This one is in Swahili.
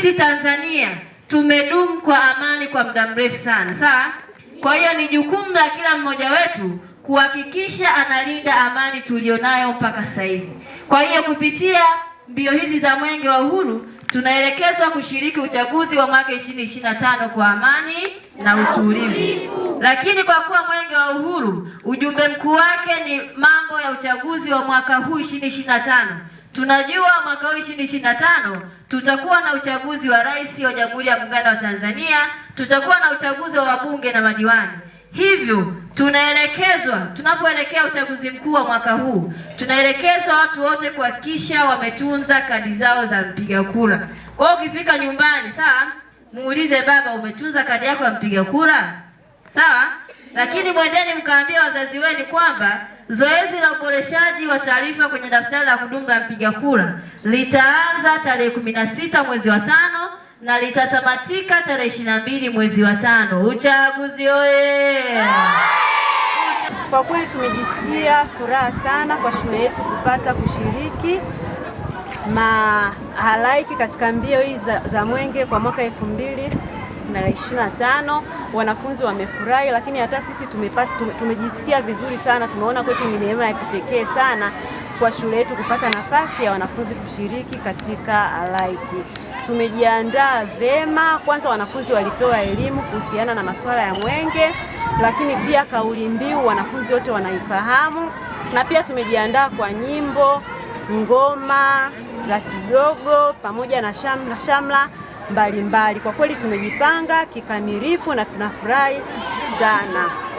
sisi Tanzania tumedumu kwa amani kwa muda mrefu sana, sawa. Kwa hiyo ni jukumu la kila mmoja wetu kuhakikisha analinda amani tuliyonayo mpaka sasa hivi. Kwa hiyo kupitia mbio hizi za mwenge wa uhuru tunaelekezwa kushiriki uchaguzi wa mwaka 2025 kwa amani na utulivu. Lakini kwa kuwa mwenge wa uhuru ujumbe mkuu wake ni mambo ya uchaguzi wa mwaka huu 2025 Tunajua mwaka huu ishirini tutakuwa na uchaguzi wa rais wa Jamhuri ya Muungano wa Tanzania, tutakuwa na uchaguzi wa wabunge na madiwani. Hivyo tunaelekezwa, tunapoelekea uchaguzi mkuu wa mwaka huu, tunaelekezwa watu wote kuhakikisha wametunza kadi zao za mpiga kura. Kwa hiyo ukifika nyumbani, sawa, muulize baba, umetunza kadi yako ya mpiga kura? Sawa, lakini mwendeni mkaambia wazazi wenu kwamba Zoezi la uboreshaji wa taarifa kwenye daftari la kudumu la mpiga kura litaanza tarehe kumi na sita mwezi wa tano na litatamatika tarehe ishirini na mbili mwezi wa tano. Uchaguzi oye! Kwa kweli tumejisikia furaha sana kwa shule yetu kupata kushiriki mahalaiki katika mbio hizi za, za mwenge kwa mwaka elfu mbili na Wanafunzi wamefurahi, lakini hata sisi tumepata, tumejisikia vizuri sana. Tumeona kwetu ni neema ya kipekee sana kwa shule yetu kupata nafasi ya wanafunzi kushiriki katika Alike. Tumejiandaa vema. Kwanza wanafunzi walipewa elimu kuhusiana na masuala ya mwenge, lakini pia kauli mbiu wanafunzi wote wanaifahamu, na pia tumejiandaa kwa nyimbo, ngoma za kidogo pamoja na shamla shamla mbalimbali. Kwa kweli tumejipanga kikamilifu na tunafurahi sana.